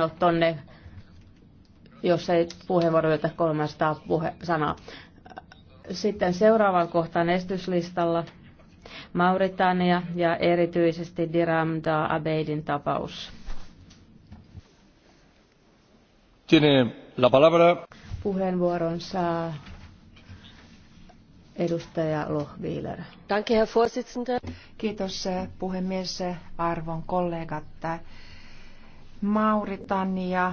no, tonne, jos ei puheenvuoro jota 300 puhe, sanaa. Sitten seuraavan kohtaan estyslistalla Mauritania ja erityisesti Diramda Abeidin tapaus. Tiene la palabra. Puheenvuoron saa Edustaja Lohviiler. Danke, Herr Vorsitzender. Kiitos eh, puhemies, eh, arvon kollegat. Eh, Mauritania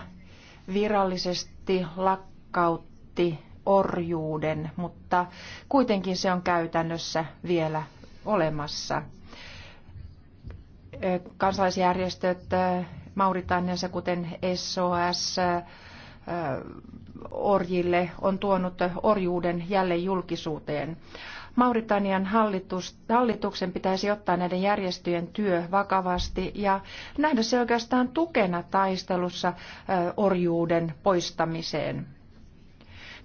virallisesti lakkautti orjuuden, mutta kuitenkin se on käytännössä vielä olemassa. Kansalaisjärjestöt Mauritaniassa, kuten SOS, orjille on tuonut orjuuden jälleen julkisuuteen. Mauritanian hallitus, hallituksen pitäisi ottaa näiden järjestöjen työ vakavasti ja nähdä se oikeastaan tukena taistelussa orjuuden poistamiseen.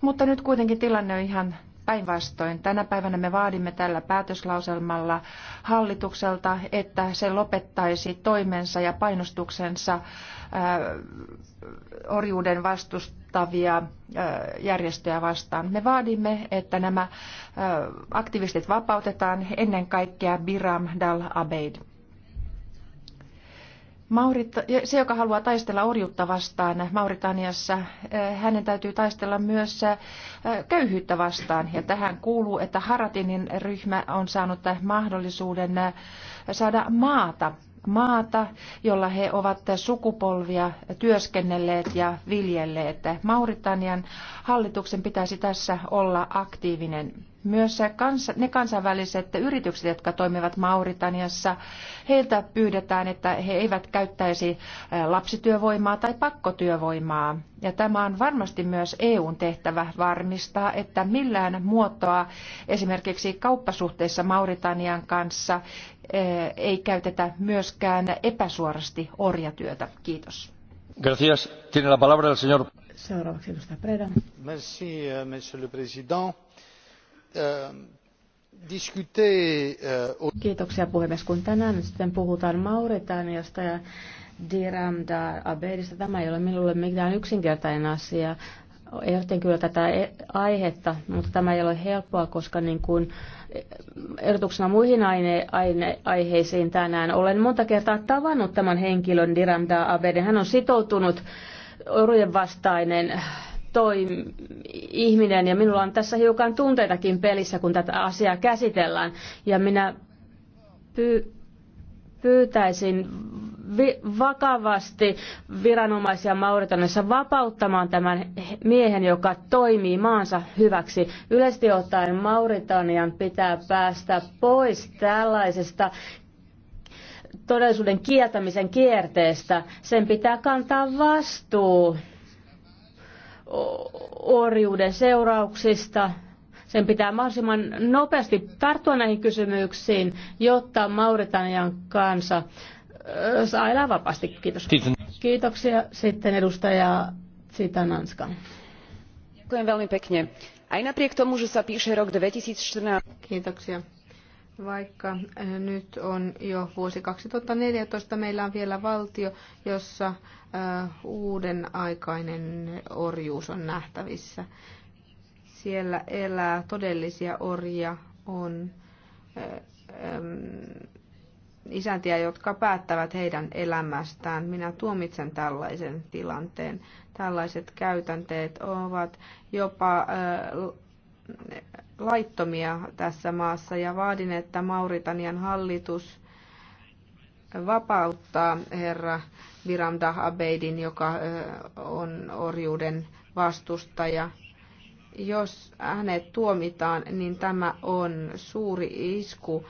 Mutta nyt kuitenkin tilanne on ihan Päinvastoin, tänä päivänä me vaadimme tällä päätöslauselmalla hallitukselta, että se lopettaisi toimensa ja painostuksensa äh, orjuuden vastustavia äh, järjestöjä vastaan. Me vaadimme, että nämä äh, aktivistit vapautetaan ennen kaikkea Biram Dal Abeid. Maurita- se, joka haluaa taistella orjuutta vastaan Mauritaniassa, eh, hänen täytyy taistella myös eh, köyhyyttä vastaan. Ja tähän kuuluu, että Haratinin ryhmä on saanut mahdollisuuden eh, saada maata maata, jolla he ovat sukupolvia työskennelleet ja viljelleet. Mauritanian hallituksen pitäisi tässä olla aktiivinen. Myös ne kansainväliset yritykset, jotka toimivat Mauritaniassa, heiltä pyydetään, että he eivät käyttäisi lapsityövoimaa tai pakkotyövoimaa. Ja tämä on varmasti myös EUn tehtävä varmistaa, että millään muotoa esimerkiksi kauppasuhteissa Mauritanian kanssa ei käytetä myöskään epäsuorasti orjatyötä. Kiitos. Gracias. Tiene la palabra el señor. Seuraavaksi edustaja Preda. Merci, euh, monsieur le président Euh, euh, Kiitoksia puhemies. Kun tänään nyt sitten puhutaan Mauritaniasta ja Diram Dar tämä ei ole minulle mikään yksinkertainen asia. Ehdotin kyllä tätä e- aihetta, mutta tämä ei ole helppoa, koska niin kuin eh, ehdotuksena muihin aine, aine, aiheisiin tänään olen monta kertaa tavannut tämän henkilön Diram Dar Hän on sitoutunut orjujen vastainen toim- ihminen ja minulla on tässä hiukan tunteitakin pelissä, kun tätä asiaa käsitellään. Ja minä py- pyytäisin vi- vakavasti viranomaisia Mauritanissa vapauttamaan tämän miehen, joka toimii maansa hyväksi. Yleisesti ottaen Mauritanian pitää päästä pois tällaisesta todellisuuden kieltämisen kierteestä. Sen pitää kantaa vastuu orjuuden seurauksista. Sen pitää mahdollisimman nopeasti tarttua näihin kysymyksiin, jotta Mauritanian kansa saa elää vapaasti. Kiitos. Kiitoksia. Sitten edustaja Citananska. Kiitoksia. Aj napriek tomu, že sa píše rok 2014. Kiitoksia. Vaikka eh, nyt on jo vuosi 2014, meillä on vielä valtio, jossa eh, uuden aikainen orjuus on nähtävissä. Siellä elää todellisia orjia, on eh, isäntiä, jotka päättävät heidän elämästään. Minä tuomitsen tällaisen tilanteen. Tällaiset käytänteet ovat jopa laittomia tässä maassa ja vaadin, että Mauritanian hallitus vapauttaa herra Viramda Abeidin, joka on orjuuden vastustaja. Jos hänet tuomitaan, niin tämä on suuri isku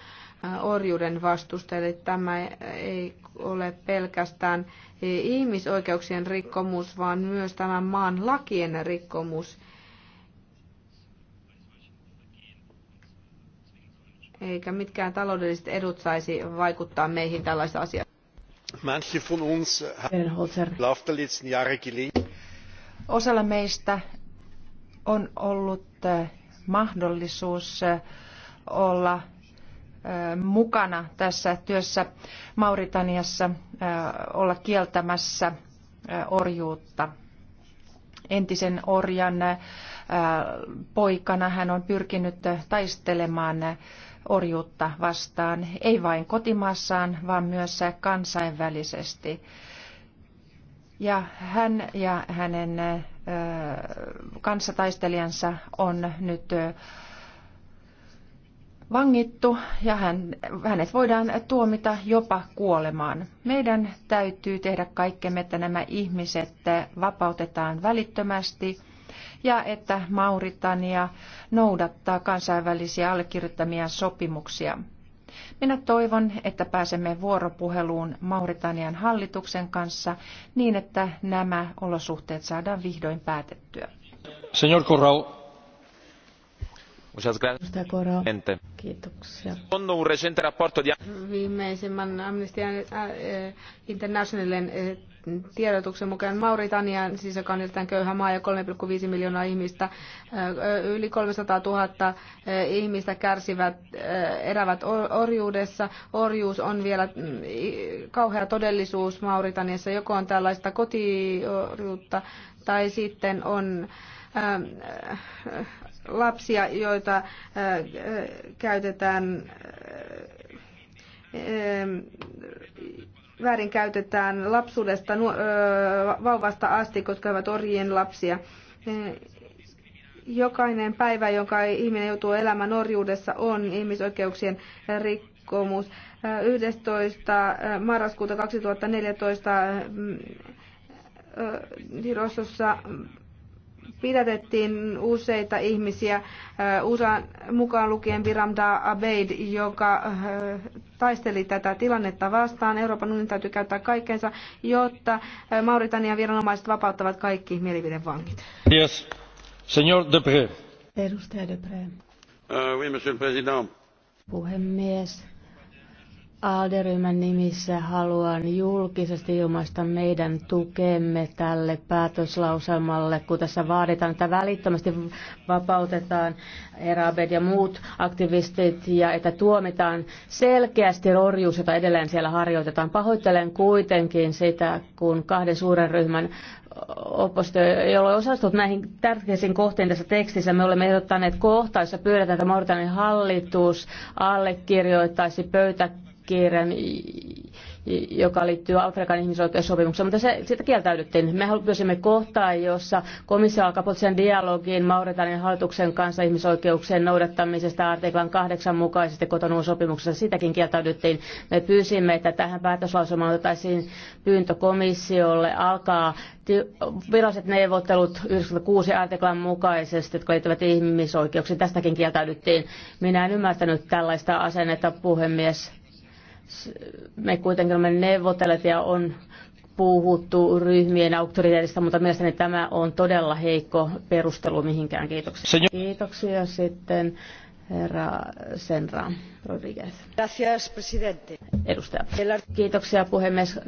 orjuuden vastustajille. Tämä ei ole pelkästään ihmisoikeuksien rikkomus, vaan myös tämän maan lakien rikkomus. eikä mitkään taloudelliset edut saisi vaikuttaa meihin tällaisessa asiassa. Manche von uns der letzten Jahre Osalla meistä on ollut äh, mahdollisuus äh, olla äh, mukana tässä työssä Mauritaniassa olla kieltämässä orjuutta. Entisen orjan poikana hän on pyrkinyt taistelemaan orjuutta vastaan, ei vain kotimaassaan, vaan myös kansainvälisesti. Ja hän ja hänen kanssataistelijansa on nyt vangittu ja hän, hänet voidaan tuomita jopa kuolemaan. Meidän täytyy tehdä kaikkemme, että nämä ihmiset vapautetaan välittömästi – ja että Mauritania noudattaa kansainvälisiä allekirjoittamia sopimuksia. Minä toivon, että pääsemme vuoropuheluun Mauritanian hallituksen kanssa niin, että nämä olosuhteet saadaan vihdoin päätettyä. Señor Corral, Kiitoksia. Viimeisimmän Amnesty Internationalin eh, tiedotuksen mukaan Mauritanian, siis joka on erittäin köyhä maa ja 3,5 miljoonaa ihmistä, eh, yli 300 000 eh, ihmistä kärsivät, erävät orjuudessa. Orjuus on vielä mm, kauhea todellisuus Mauritaniassa, joko on tällaista kotiorjuutta tai sitten on Ähm, äh, lapsia, joita äh, käytetään äh, ähm, väärin käytetään lapsuudesta vauvasta asti, koska ovat orjien lapsia. Jokainen päivä, jonka ihminen joutuu elämään orjuudessa, on ihmisoikeuksien rikkomus. 11. marraskuuta 2014 hirosossa pidätettiin useita ihmisiä, USA, mukaan lukien Biramda Abeid, joka taisteli tätä tilannetta vastaan. Euroopan unionin täytyy käyttää kaikkensa, jotta Mauritanian viranomaiset vapauttavat kaikki mielipidevangit. Yes. Señor Depré. Edustaja Depré. Uh, oui, monsieur le président. Puhemies Aalderyhmän nimissä haluan julkisesti ilmaista meidän tukemme tälle päätöslauselmalle, kun tässä vaaditaan, että välittömästi vapautetaan Erabed ja muut aktivistit ja että tuomitaan selkeästi orjuus, jota edelleen siellä harjoitetaan. Pahoittelen kuitenkin sitä, kun kahden suuren ryhmän oppositio ei ole osallistunut näihin tärkeisiin kohteen tässä tekstissä. Me olemme ehdottaneet kohta, jossa pyydetään, että Mauritanin hallitus allekirjoittaisi pöytäkirjan kirjan, joka liittyy Afrikan ihmisoikeussopimukseen, mutta se, siitä kieltäydyttiin. Me halusimme kohtaa, jossa komissio alkaa poliittisen dialogiin Mauritanian hallituksen kanssa ihmisoikeuksien noudattamisesta artiklan kahdeksan mukaisesti kotonuun sopimuksessa. Sitäkin kieltäydyttiin. Me pyysimme, että tähän päätöslausumaan otettaisiin pyyntö komissiolle alkaa viralliset neuvottelut 96 artiklan mukaisesti, jotka liittyvät ihmisoikeuksiin. Tästäkin kieltäydyttiin. Minä en ymmärtänyt tällaista asennetta, puhemies me kuitenkin olemme neuvotelleet ja on puhuttu ryhmien auktoriteetista, mutta mielestäni tämä on todella heikko perustelu mihinkään. Kiitoksia. Senor. Kiitoksia sitten herra Senra Rodriguez. Gracias, presidente. Edustaja. Kiitoksia puhemies.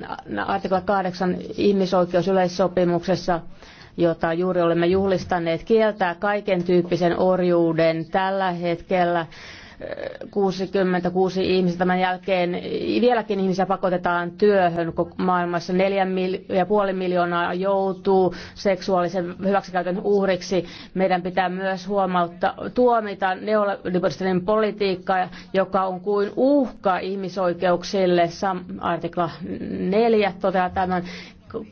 Artikla 8 ihmisoikeusyleissopimuksessa jota juuri olemme juhlistaneet, kieltää kaiken tyyppisen orjuuden tällä hetkellä 66 ihmistä tämän jälkeen. Vieläkin ihmisiä pakotetaan työhön, kun maailmassa 4,5 miljoonaa joutuu seksuaalisen hyväksikäytön uhriksi. Meidän pitää myös huomauttaa, tuomita neoliberalistinen politiikka, joka on kuin uhka ihmisoikeuksille. Sam, artikla 4 toteaa tämän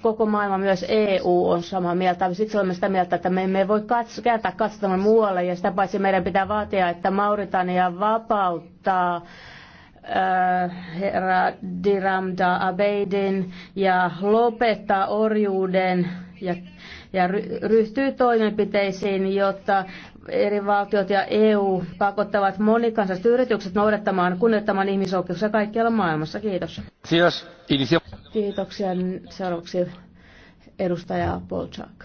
koko maailma, myös EU on samaa mieltä. Siksi olemme sitä mieltä, että me emme voi kats- kääntää katsomaan muualle ja sitä paitsi meidän pitää vaatia, että Mauritania vapauttaa äh, herra Diramda Abeidin ja lopettaa orjuuden ja ja ryhtyy toimenpiteisiin, jotta eri valtiot ja EU pakottavat monikansalliset yritykset noudattamaan kunnioittamaan ihmisoikeuksia kaikkialla maailmassa. Kiitos. Kiitoksia. Seuraavaksi edustaja Polchak.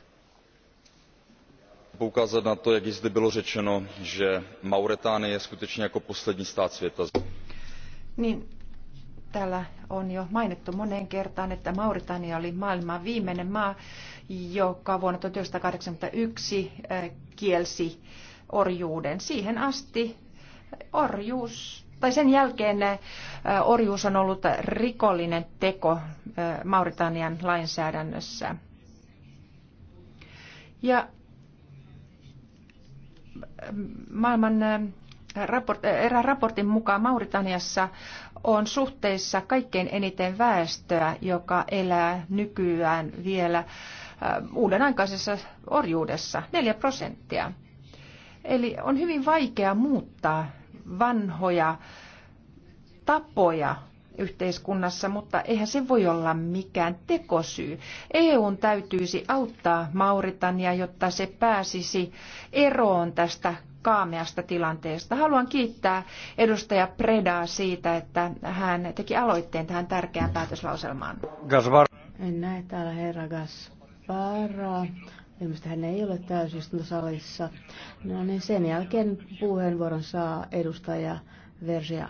Poukázat na to, jak již zde bylo řečeno, že Mauretánie je skutečně jako poslední stát světa. Niin, täällä on jo mainittu moneen kertaan, että Mauritania oli maailman viimeinen maa, joka vuonna 1981 eh, kielsi orjuuden. Siihen asti orjuus, tai sen jälkeen eh, orjuus on ollut rikollinen teko eh, Mauritanian lainsäädännössä. Ja mm, maailman raport, erään raportin mukaan Mauritaniassa on suhteessa kaikkein eniten väestöä, joka elää nykyään vielä uuden aikaisessa orjuudessa, 4 prosenttia. Eli on hyvin vaikea muuttaa vanhoja tapoja yhteiskunnassa, mutta eihän se voi olla mikään tekosyy. EUn täytyisi auttaa Mauritania, jotta se pääsisi eroon tästä kaameasta tilanteesta. Haluan kiittää edustaja Predaa siitä, että hän teki aloitteen tähän tärkeään päätöslauselmaan. Gasvar. En näe täällä herra Gas. Vaaraa. Ilmeisesti hän ei ole täysistuntosalissa. No niin, sen jälkeen puheenvuoron saa edustaja Versia.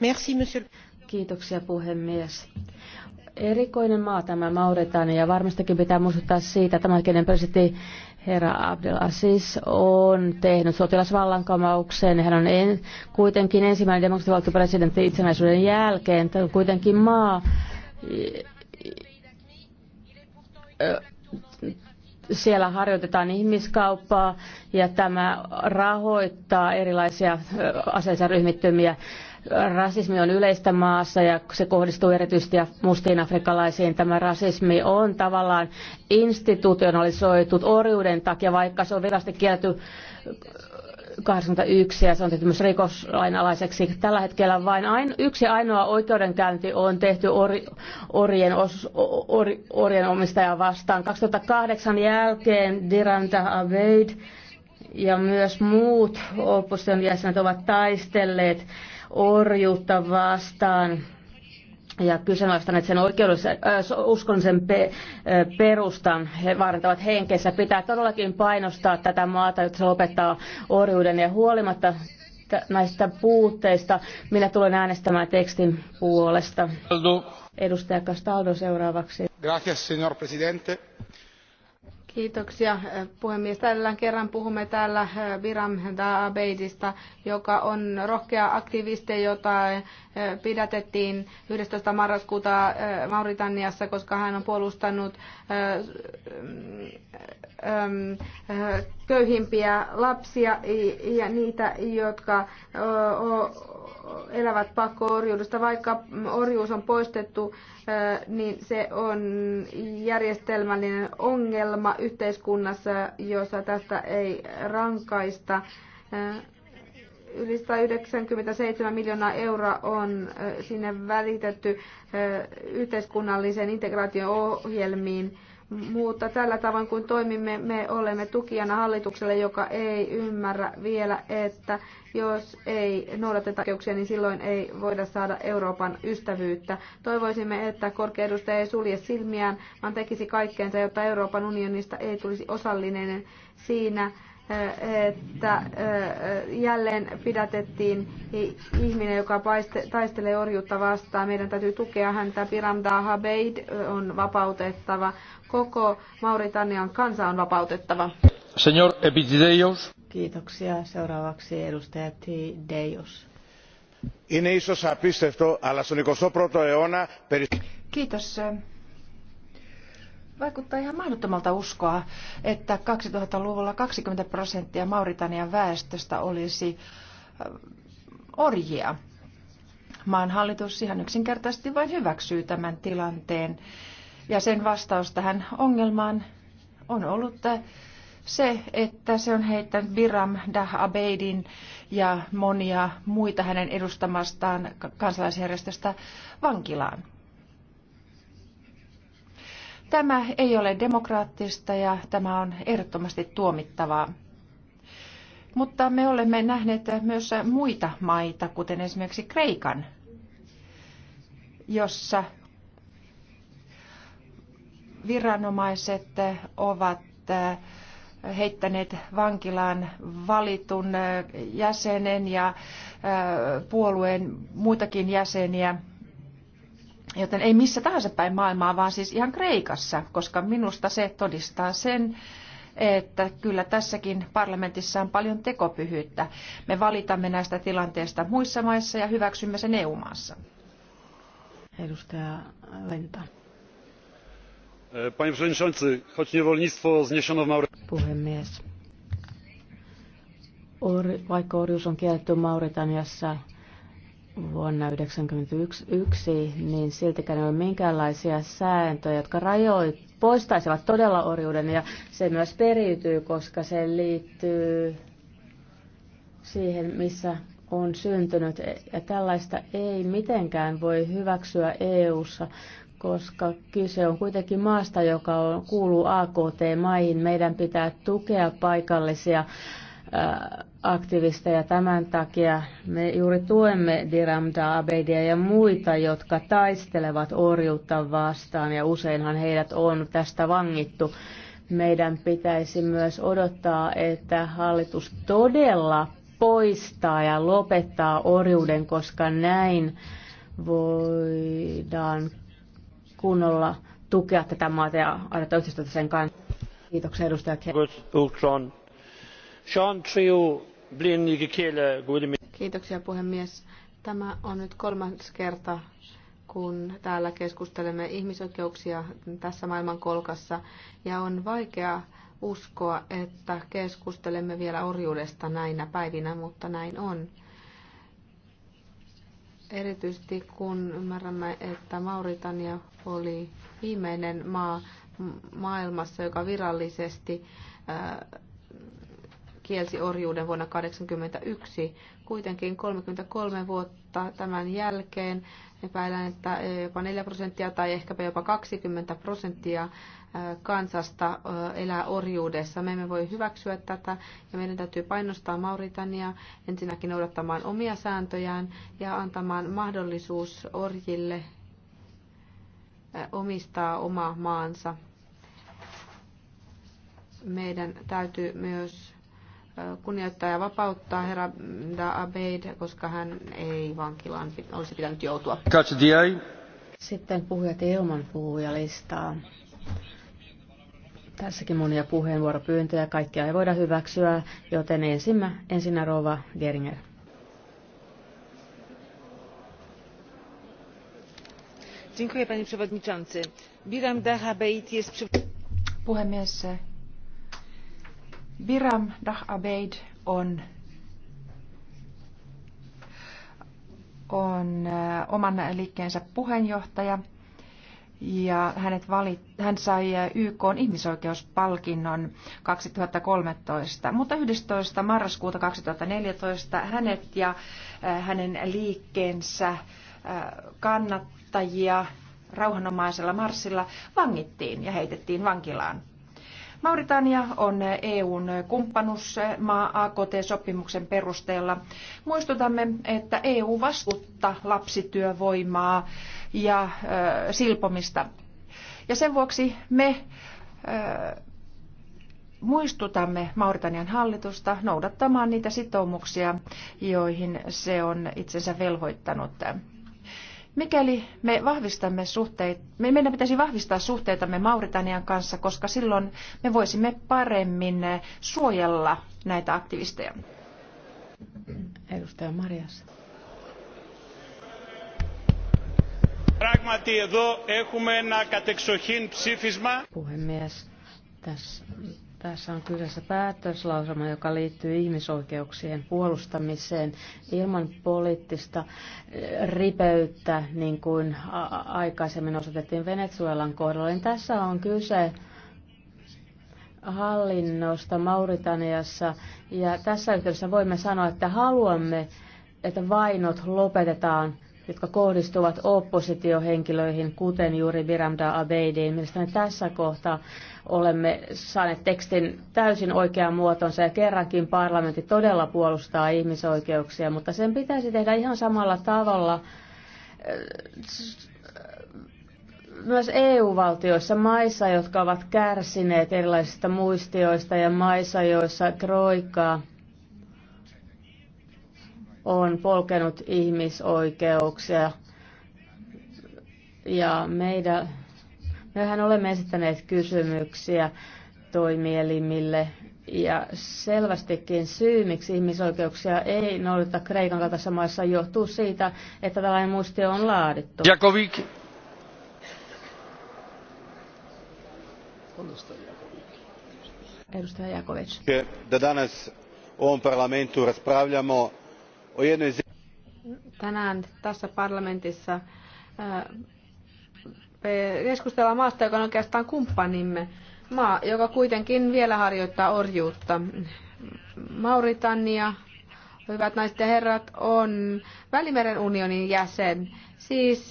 Merci, monsieur. Kiitoksia puhemies erikoinen maa tämä Mauritania. Varmastikin pitää muistuttaa siitä, että tämänhetkinen presidentti herra Abdelaziz on tehnyt sotilasvallankamauksen. Hän on en, kuitenkin ensimmäinen demokratiavaltiopresidentti itsenäisyyden jälkeen. Tämä on kuitenkin maa, siellä harjoitetaan ihmiskauppaa ja tämä rahoittaa erilaisia aseellisia ryhmittymiä. Rasismi on yleistä maassa ja se kohdistuu erityisesti mustiin afrikkalaisiin. Tämä rasismi on tavallaan institutionalisoitu orjuuden takia, vaikka se on virallisesti kielletty 81 ja se on tehty myös rikoslainalaiseksi. Tällä hetkellä vain ain, yksi ainoa oikeudenkäynti on tehty ori, orien, os, or, orien omistajaa vastaan. 2008 jälkeen Diranta Aveid ja myös muut opposition jäsenet ovat taistelleet orjuutta vastaan ja kyseenalaistaneet sen oikeudellisen äh, uskonnollisen pe, äh, perustan. He vaarantavat henkensä. Pitää todellakin painostaa tätä maata, jotta se lopettaa orjuuden ja huolimatta näistä puutteista. Minä tulen äänestämään tekstin puolesta. Edustaja Castaldo seuraavaksi. Gracias, señor presidente. Kiitoksia eh, puhemies. Tällä kerran puhumme täällä Viram eh, Daabeidista, joka on rohkea aktivisti, jota eh, pidätettiin 11. marraskuuta Mauritaniassa, koska hän on puolustanut mm, köyhimpiä lapsia ja niitä, jotka elävät pakko-orjuudesta. Vaikka orjuus on poistettu, niin se on järjestelmällinen ongelma yhteiskunnassa, jossa tästä ei rankaista. Yli 197 miljoonaa euroa on sinne välitetty yhteiskunnallisen integraation ohjelmiin mutta tällä tavoin kun toimimme, me olemme tukijana hallitukselle, joka ei ymmärrä vielä, että jos ei noudateta oikeuksia, niin silloin ei voida saada Euroopan ystävyyttä. Toivoisimme, että korkea edustaja ei sulje silmiään, vaan tekisi kaikkeensa, jotta Euroopan unionista ei tulisi osallinen siinä, eh, että eh, jälleen pidätettiin ihminen, joka taistelee orjuutta vastaan. Meidän täytyy tukea häntä. Piramda Habeid eh, on vapautettava. Koko Mauritanian kansa on vapautettava. Señor Epitideios. Kiitoksia. Seuraavaksi edustaja Deios. Είναι ίσως απίστευτο, αλλά στον 21ο αιώνα... Kiitos. Vaikuttaa ihan mahdottomalta uskoa, että 2000-luvulla 20 prosenttia Mauritanian väestöstä olisi äh, orjia. Maan hallitus ihan yksinkertaisesti vain hyväksyy tämän tilanteen ja sen vastaus tähän ongelmaan on ollut se, että se on heittänyt Biram Dah Abeidin ja monia muita hänen edustamastaan kansalaisjärjestöstä vankilaan. Tämä ei ole demokraattista ja tämä on ehdottomasti tuomittavaa. Mutta me olemme nähneet myös muita maita, kuten esimerkiksi Kreikan, jossa viranomaiset ovat eh, heittäneet vankilaan valitun eh, jäsenen ja eh, puolueen muitakin jäseniä. Joten ei missä tahansa päin maailmaa, vaan siis ihan Kreikassa, koska minusta se todistaa sen, että kyllä tässäkin parlamentissa on paljon tekopyhyyttä. Me valitamme näistä tilanteista muissa maissa ja hyväksymme sen EU-maassa. Edustaja Lenta. E, panie przewodniczący! choć niewolnictwo zniesiono w mauretanii on vuonna 1991, niin siltikään ei ole minkäänlaisia sääntöjä, jotka rajoit, poistaisivat todella orjuuden. Ja se myös periytyy, koska se liittyy siihen, missä on syntynyt. Ja tällaista ei mitenkään voi hyväksyä EU-ssa, koska kyse on kuitenkin maasta, joka on, kuuluu AKT-maihin. Meidän pitää tukea paikallisia aktivisteja. Tämän takia me juuri tuemme Diramda Abedia ja muita, jotka taistelevat orjuutta vastaan ja useinhan heidät on tästä vangittu. Meidän pitäisi myös odottaa, että hallitus todella poistaa ja lopettaa orjuuden, koska näin voidaan kunnolla tukea tätä maata ja aina yhteistyötä sen kanssa. Kiitoksia edustaja Kiitoksia puhemies. Tämä on nyt kolmas kerta, kun täällä keskustelemme ihmisoikeuksia tässä maailman kolkassa, ja on vaikea uskoa, että keskustelemme vielä orjuudesta näinä päivinä, mutta näin on erityisesti kun ymmärrämme, että Mauritania oli viimeinen maa maailmassa, joka virallisesti äh, kielsi orjuuden vuonna 1981. Kuitenkin 33 vuotta tämän jälkeen epäilen, että jopa 4 prosenttia tai ehkäpä jopa 20 prosenttia kansasta elää orjuudessa. Me emme voi hyväksyä tätä ja meidän täytyy painostaa Mauritania ensinnäkin noudattamaan omia sääntöjään ja antamaan mahdollisuus orjille omistaa oma maansa. Meidän täytyy myös kunnioittaa ja vapauttaa herra Da Abeid, koska hän ei vankilaan olisi pitänyt joutua. Sitten puhujat ilman puhujalistaa. Tässäkin monia puheenvuoropyyntöjä, kaikkia ei voida hyväksyä, joten ensimmä, ensinnä Rova Geringer. panie przewodniczący! biram dagh puhemies biram dagh on, on oman liikkeensä puheenjohtaja ja hänet vali, hän sai äh, YK ihmisoikeuspalkinnon 2013, mutta 11. marraskuuta 2014 hänet ja äh, hänen liikkeensä äh, kannattajia rauhanomaisella marssilla vangittiin ja heitettiin vankilaan. Mauritania on EUn kumppanusmaa AKT-sopimuksen perusteella. Muistutamme, että EU vastuuttaa lapsityövoimaa, ja silpomista. Ja sen vuoksi me muistutamme Mauritanian hallitusta noudattamaan niitä sitoumuksia, joihin se on itsensä velvoittanut. Mikäli me vahvistamme suhteet, meidän pitäisi vahvistaa suhteitamme Mauritanian kanssa, koska silloin me voisimme paremmin suojella näitä aktivisteja. Edustaja Marias. Πράγματι εδώ έχουμε ένα κατεξοχήν ψήφισμα. Puhemies, tässä, tässä on kyseessä päätöslausuma, joka liittyy ihmisoikeuksien puolustamiseen ilman poliittista eh, ripeyttä, niin kuin aikaisemmin osoitettiin Venezuelan kohdalla. Niin tässä on kyse hallinnosta Mauritaniassa ja tässä yhteydessä voimme sanoa, että haluamme, että vainot lopetetaan – jotka kohdistuvat oppositiohenkilöihin, kuten juuri Biramda Abeidiin. Mielestäni tässä kohtaa olemme saaneet tekstin täysin oikean muotonsa ja kerrankin parlamentti todella puolustaa ihmisoikeuksia, mutta sen pitäisi tehdä ihan samalla tavalla äh, myös EU-valtioissa, maissa, jotka ovat kärsineet erilaisista muistioista ja maissa, joissa troikaa on polkenut ihmisoikeuksia. Ja meidän, mehän olemme esittäneet kysymyksiä toimielimille ja selvästikin syy, miksi ihmisoikeuksia ei noudata Kreikan kaltaisessa maassa, johtuu siitä, että tällainen muistio on laadittu. Jakovik. Edustaja Jakovic. Da danas u ovom parlamentu raspravljamo Tänään tässä parlamentissa keskustellaan maasta, joka on oikeastaan kumppanimme. Maa, joka kuitenkin vielä harjoittaa orjuutta. Mauritania, hyvät naiset ja herrat, on Välimeren unionin jäsen. Siis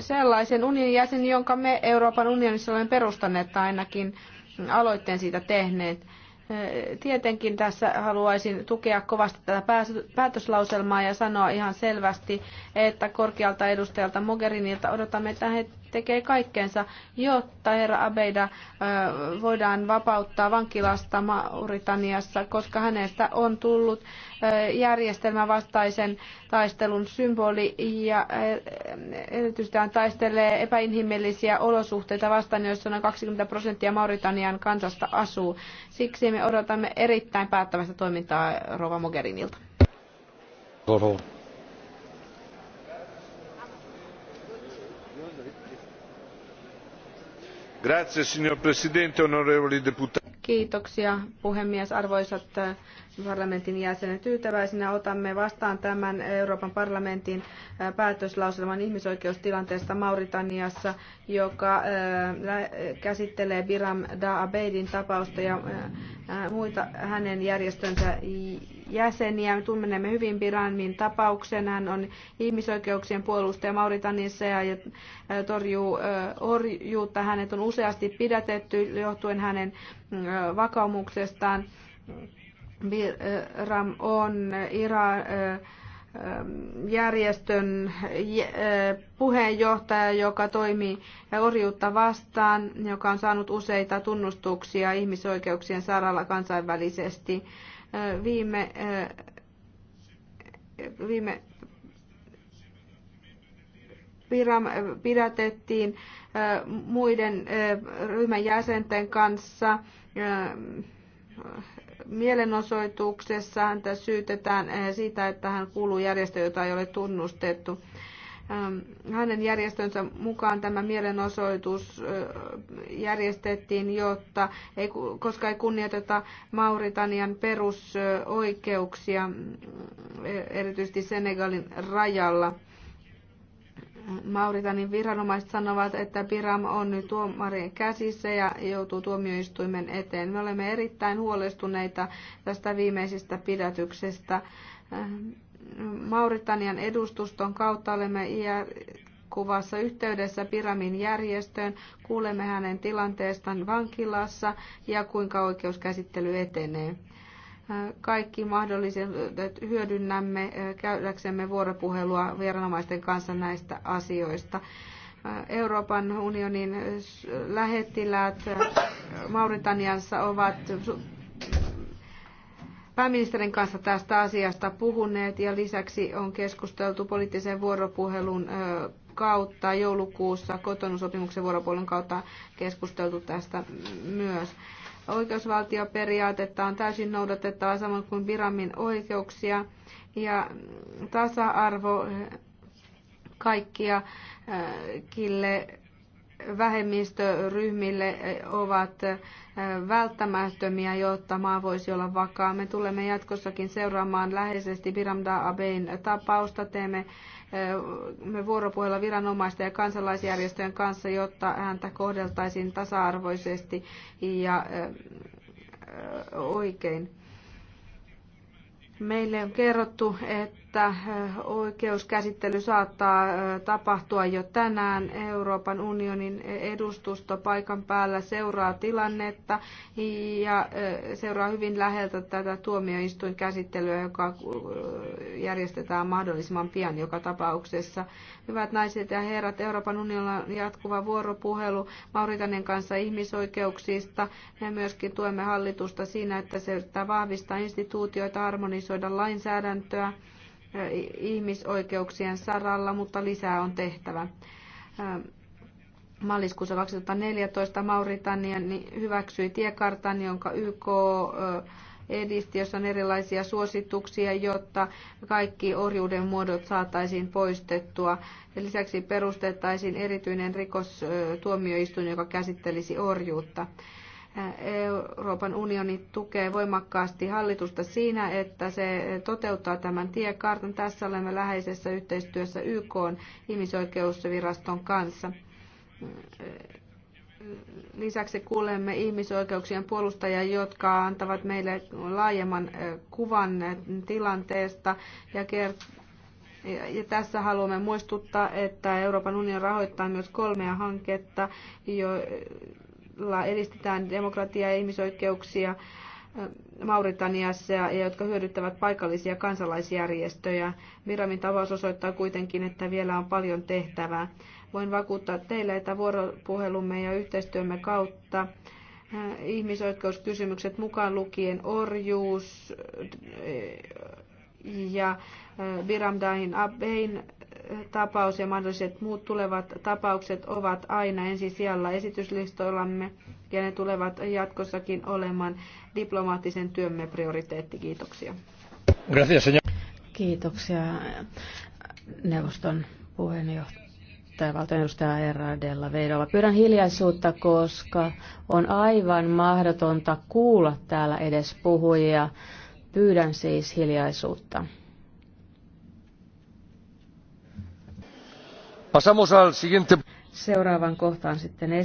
sellaisen unionin jäsen, jonka me Euroopan unionissa olemme perustaneet tai ainakin aloitteen siitä tehneet. Tietenkin tässä haluaisin tukea kovasti tätä päätöslauselmaa ja sanoa ihan selvästi, että korkealta edustajalta Mogherinilta odotamme, että he tekee kaikkeensa, jotta herra Abeida voidaan vapauttaa vankilasta Mauritaniassa, koska hänestä on tullut järjestelmän vastaisen taistelun symboli ja erityistään taistelee epäinhimillisiä olosuhteita vastaan, joissa noin 20 prosenttia Mauritanian kansasta asuu. Siksi me odotamme erittäin päättävästä toimintaa Rova Mogherinilta. Grazie, signor Presidente, onorevoli deputati. Kiitoksia puhemies, arvoisat äh, parlamentin jäsenet. Tyytyväisinä otamme vastaan tämän Euroopan parlamentin äh, päätöslauselman ihmisoikeustilanteesta Mauritaniassa, joka äh, käsittelee Biram Da Abedin tapausta ja muita hänen järjestönsä jäseniä. Me tunnemme hyvin Biranmin tapauksen. Hän on ihmisoikeuksien puolustaja Mauritanissa ja torjuu orjuutta. Hänet on useasti pidätetty johtuen hänen vakaumuksestaan. Biram on Iran Ähm, järjestön äh, puheenjohtaja, joka toimii orjuutta vastaan, joka on saanut useita tunnustuksia ihmisoikeuksien saralla kansainvälisesti. Äh, viime, äh, viime viram, pidätettiin muiden ryhmän jäsenten kanssa mielenosoituksessa häntä syytetään eh, siitä, että hän kuuluu järjestöön, jota ei ole tunnustettu. Ähm, hänen järjestönsä mukaan tämä mielenosoitus eh, järjestettiin, jotta ei, koska ei kunnioiteta Mauritanian perusoikeuksia, eh, erityisesti Senegalin rajalla. Mauritanin viranomaiset sanovat, että Piram on nyt tuomarien käsissä ja joutuu tuomioistuimen eteen. Me olemme erittäin huolestuneita tästä viimeisestä pidätyksestä. Mauritanian edustuston kautta olemme kuvassa yhteydessä Piramin järjestöön. Kuulemme hänen tilanteestaan vankilassa ja kuinka oikeuskäsittely etenee kaikki mahdolliset hyödynnämme käydäksemme vuoropuhelua viranomaisten kanssa näistä asioista. Euroopan unionin lähettiläät Mauritaniassa ovat pääministerin kanssa tästä asiasta puhuneet ja lisäksi on keskusteltu poliittisen vuoropuhelun kautta joulukuussa kotonusopimuksen vuoropuhelun kautta keskusteltu tästä myös. Oikeusvaltioperiaatetta on täysin noudatettava samoin kuin viramin oikeuksia ja tasa-arvo kaikkia äh, kille vähemmistöryhmille äh, ovat äh, välttämättömiä, jotta maa voisi olla vakaa. Me tulemme jatkossakin seuraamaan läheisesti Biramda Abein tapausta. Teemme me vuoropuhella viranomaisten ja kansalaisjärjestöjen kanssa, jotta häntä kohdeltaisiin tasa-arvoisesti ja oikein. Meille on kerrottu, että että oikeuskäsittely saattaa tapahtua jo tänään. Euroopan unionin edustusto paikan päällä seuraa tilannetta ja seuraa hyvin läheltä tätä tuomioistuinkäsittelyä, joka järjestetään mahdollisimman pian joka tapauksessa. Hyvät naiset ja herrat, Euroopan unionilla on jatkuva vuoropuhelu Mauritanen kanssa ihmisoikeuksista ja myöskin tuemme hallitusta siinä, että se yrittää vahvistaa instituutioita, harmonisoida lainsäädäntöä ihmisoikeuksien saralla, mutta lisää on tehtävä. Maaliskuussa 2014 Mauritania hyväksyi tiekartan, jonka YK edisti, jossa on erilaisia suosituksia, jotta kaikki orjuuden muodot saataisiin poistettua. Lisäksi perustettaisiin erityinen rikostuomioistuin, joka käsittelisi orjuutta. Euroopan unioni tukee voimakkaasti hallitusta siinä, että se toteuttaa tämän tiekartan. Tässä olemme läheisessä yhteistyössä YK ihmisoikeusviraston kanssa. Lisäksi kuulemme ihmisoikeuksien puolustajia, jotka antavat meille laajemman kuvan tilanteesta ja kertovat ja tässä haluamme muistuttaa, että Euroopan unioni rahoittaa myös kolmea hanketta, jo, joilla edistetään demokratiaa ja ihmisoikeuksia Mauritaniassa ja jotka hyödyttävät paikallisia kansalaisjärjestöjä. Viramin tavaus osoittaa kuitenkin, että vielä on paljon tehtävää. Voin vakuuttaa teille, että vuoropuhelumme ja yhteistyömme kautta ihmisoikeuskysymykset mukaan lukien orjuus ja Biramdain Abein tapaus ja mahdolliset muut tulevat tapaukset ovat aina ensisijalla esityslistoillamme ja ne tulevat jatkossakin olemaan diplomaattisen työmme prioriteetti. Kiitoksia. Kiitoksia neuvoston puheenjohtaja, valtionedustaja Eradella Veidolla. Pyydän hiljaisuutta, koska on aivan mahdotonta kuulla täällä edes puhujia. Pyydän siis hiljaisuutta. Seuraavan kohtaan sitten esitys.